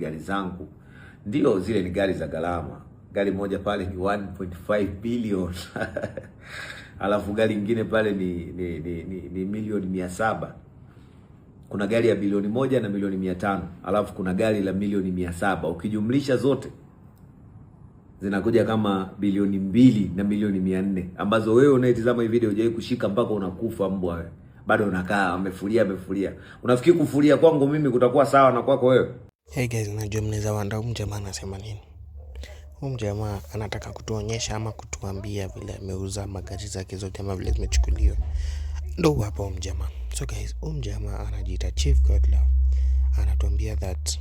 gari zangu ndio zile, ni gari za gharama. Gari moja pale ni 1.5 billion alafu gari nyingine pale ni ni, ni, ni, ni milioni mia saba. Kuna gari ya bilioni moja na milioni mia tano alafu kuna gari la milioni mia saba ukijumlisha zote zinakuja kama bilioni mbili na milioni mia nne ambazo wewe unayetizama hii video hujawahi kushika mpaka unakufa mbwa wewe, bado unakaa amefulia amefulia. Unafikiri kufulia kwangu mimi kutakuwa sawa na kwako wewe? Hey guys, najua mnaweza wanda huyu mjamaa anasema nini? Huyu mjamaa anataka kutuonyesha ama kutuambia vile ameuza magari zake zote ama vile zimechukuliwa. Ndo hapa huyu mjamaa. So guys, huyu mjamaa anajiita Chief Godlove. Anatuambia that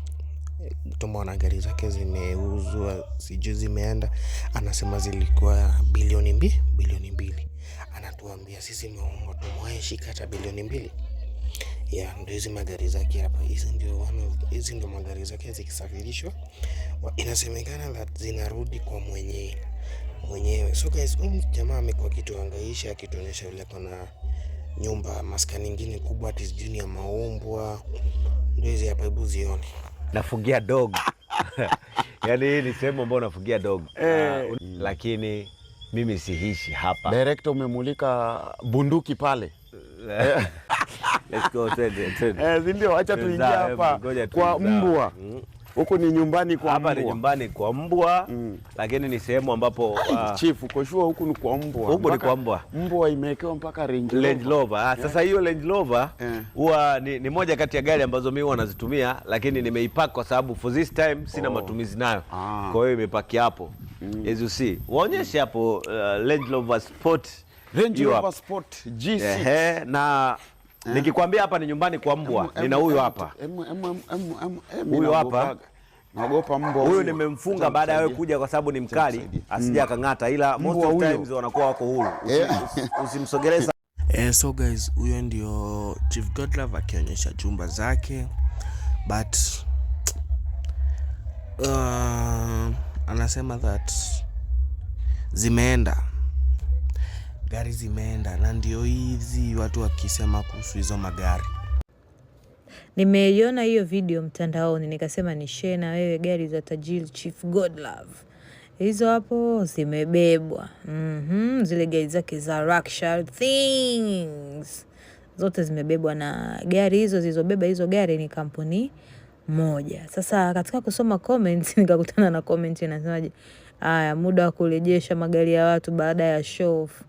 tumeona gari zake zimeuzwa, sijui zimeenda, anasema zilikuwa bilioni mbili, bilioni mbili. Anatuambia sisi meongo tumwaeshika hata bilioni mbili ya ndio hizi magari zake hapa, hizi ndio one hizi ndio magari zake zikisafirishwa, inasemekana zinarudi kwa mwenyewe mwenyewe. So guys, huyu jamaa amekuwa kituangaisha akituonyesha vile na nyumba maskani nyingine kubwa ati sijui ni ya maumbwa, ndio hizi hapa, hebu zione. Nafugia dog yani hii ni sehemu ambayo nafugia dog eh, uh, mm. lakini mimi sihishi hapa. Director, umemulika bunduki pale Let's go, Eh, ndio Acha tuingia hapa kwa mbwa hmm. huku ni nyumbani kwa mbwa. Hapa ni nyumbani kwa mbwa mm. Lakini ni sehemu ambapo uh, ah, chifu shua huku ni kwa mbwa, huku ni kwa mbwa. Mbwa imewekewa mpaka Range Rover. Range Rover. Ah, sasa hiyo Range Rover eh. huwa ni, ni moja kati ya gari ambazo mimi wanazitumia nazitumia, lakini nimeipaka kwa sababu for this time sina oh, matumizi nayo ah. Kwa hiyo imepaki hapo mm. As you see, waonyeshe hapo uh, Range Rover Sport, Range Rover Sport G6 ehe, na Eh? Nikikwambia hapa ni nyumbani kwa mbwa, nina huyu hapa, huyu hapa naogopa mbwa huyu. Nimemfunga baada ya wewe kuja, kwa sababu ni mkali, mm. asija akang'ata, ila most of times wanakuwa wako huru, eh. usimsogeleza. Eh, so guys, huyo ndio Chief Godlove akionyesha chumba zake but uh, anasema that zimeenda gari zimeenda, na ndio hizi watu wakisema kuhusu hizo magari. Nimeiona hiyo video mtandaoni, nikasema ni share na wewe. Gari za tajiri Chief Godlove hizo hapo zimebebwa. mm -hmm. Zile gari zake za luxury things zote zimebebwa, na gari hizo zilizobeba hizo gari ni kampuni moja. Sasa katika kusoma comments nikakutana na comment inasemaje, haya muda wa kurejesha magari ya watu baada ya show off.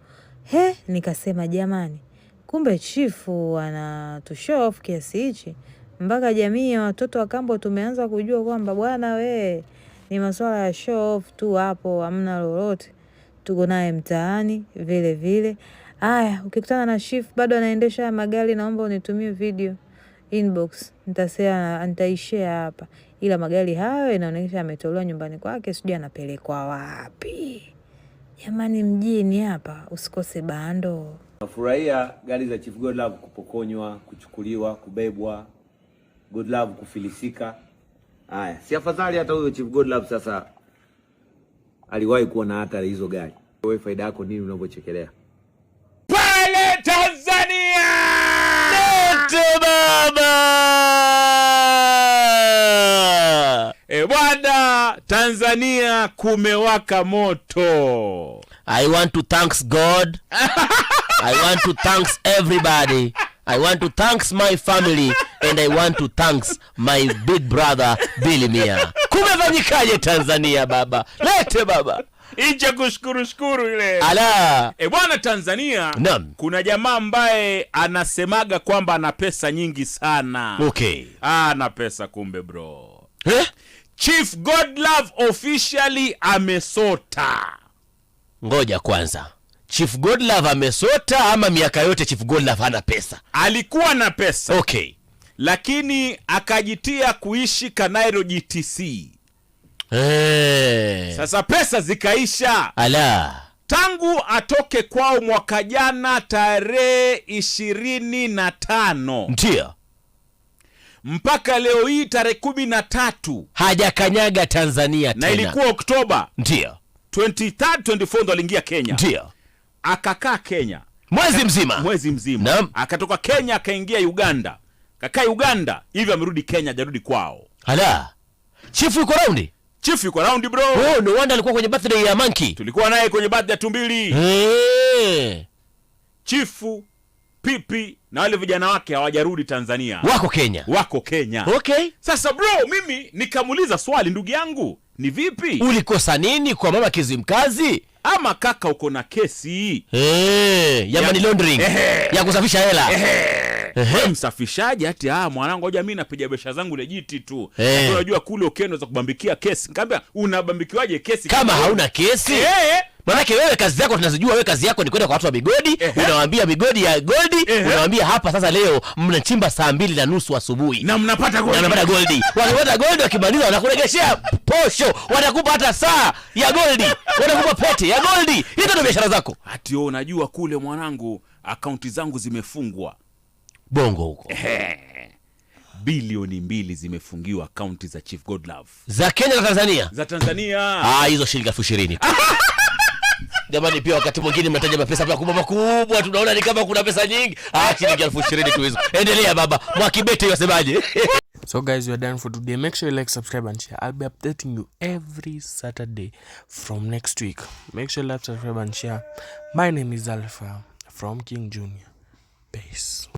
He, nikasema jamani, kumbe chifu ana off kiasi hichi mpaka jamii ya watoto wa kambo tumeanza kujua kwamba bwana we ni masuala ya show off tu, hapo hamna lolote. Tuko naye mtaani vile vile. Aya, ukikutana na chifu bado anaendesha ya magari, naomba unitumie video inbox, nitasema nitaishia hapa, ila magari hayo inaonyesha ametolewa nyumbani kwake, sijui anapelekwa wapi. Jamani, mjini hapa usikose bando. Nafurahia gari za Chief Godlove kupokonywa, kuchukuliwa, kubebwa, Godlove kufilisika. Haya, si afadhali hata huyo Chief Godlove sasa aliwahi kuwa na hata hizo gari. Wewe faida yako nini unavyochekelea pale Tanzania? Baba Tanzania kumewaka moto. I want to thanks God. I want to thanks everybody. I want to thanks my family and I want to thanks my big brother Billy Mia. Kumefanyikaje Tanzania baba? Lete baba. Inje kushukuru shukuru ile. Ala. E bwana Tanzania. Naam. Kuna jamaa ambaye anasemaga kwamba ana pesa nyingi sana. Okay. Ah, ana pesa kumbe bro. Eh? Chief Godlove officially amesota. Ngoja kwanza, Chief Godlove amesota ama miaka yote Chief Godlove hana pesa? Alikuwa na pesa okay, lakini akajitia kuishi Kanairo GTC. Hey. Eh. Sasa pesa zikaisha. Ala. Tangu atoke kwao mwaka jana tarehe ishirini na tano ndio mpaka leo hii tarehe kumi na tatu hajakanyaga Tanzania tena. Na ilikuwa Oktoba ndio 23 ndo aliingia Kenya, ndio akakaa Kenya mwezi mzima, mwezi mzima akatoka Kenya akaingia Uganda, kakaa Uganda hivyo amerudi Kenya, ajarudi kwao. Hala, chifu yuko raundi chifu yuko raundi bro. Oh, no wanda alikuwa kwenye birthday ya manki Tulikuwa naye kwenye birthday ya tumbili. Hey. Chifu Pipi na wale vijana wake hawajarudi Tanzania, wako Kenya, wako Kenya. Okay, sasa bro, mimi nikamuuliza swali, ndugu yangu, ni vipi, ulikosa nini kwa mama Kizimkazi? Ama kaka, uko na kesi hey, ya laundering ya kusafisha hela msafishaji hati ah, mwanangu, ngoja mimi napiga biashara zangu lejiti tu. Unajua hey, kule ukendo za kubambikia kesi. Nikamwambia unabambikiwaje kesi kama, kama hauna kesi hey manake wewe kazi zako tunazijua, wewe kazi yako ni kwenda kwa watu wa migodi, uh-huh. unawambia migodi ya goldi, uh-huh. unawambia hapa sasa, leo mnachimba saa mbili na nusu asubuhi na mnapata goldi, mnapata goldi. Wakipata goldi, wakimaliza wanakuregeshea posho, wanakupa hata saa ya goldi, wanakupa pete ya goldi. Hizo ndo biashara zako. Hati wewe unajua kule, mwanangu, akaunti zangu zimefungwa bongo huko bilioni mbili zimefungiwa akaunti za Chief Godlove za Kenya na Tanzania, za Tanzania. Ah, hizo shilingi elfu ishirini Jamani, pia wakati mwingine mnataja mapesa makubwa makubwa, tunaona ni kama kuna pesa nyingi. Ah, shilingi elfu ishirini tu hizo. Endelea baba Mwakibete, wasemaje? So guys, you are done for today. Make sure you like, subscribe and share. I'll be updating you every Saturday from next week. Make sure you like, subscribe and share. My name is Alpha from King Junior. Peace.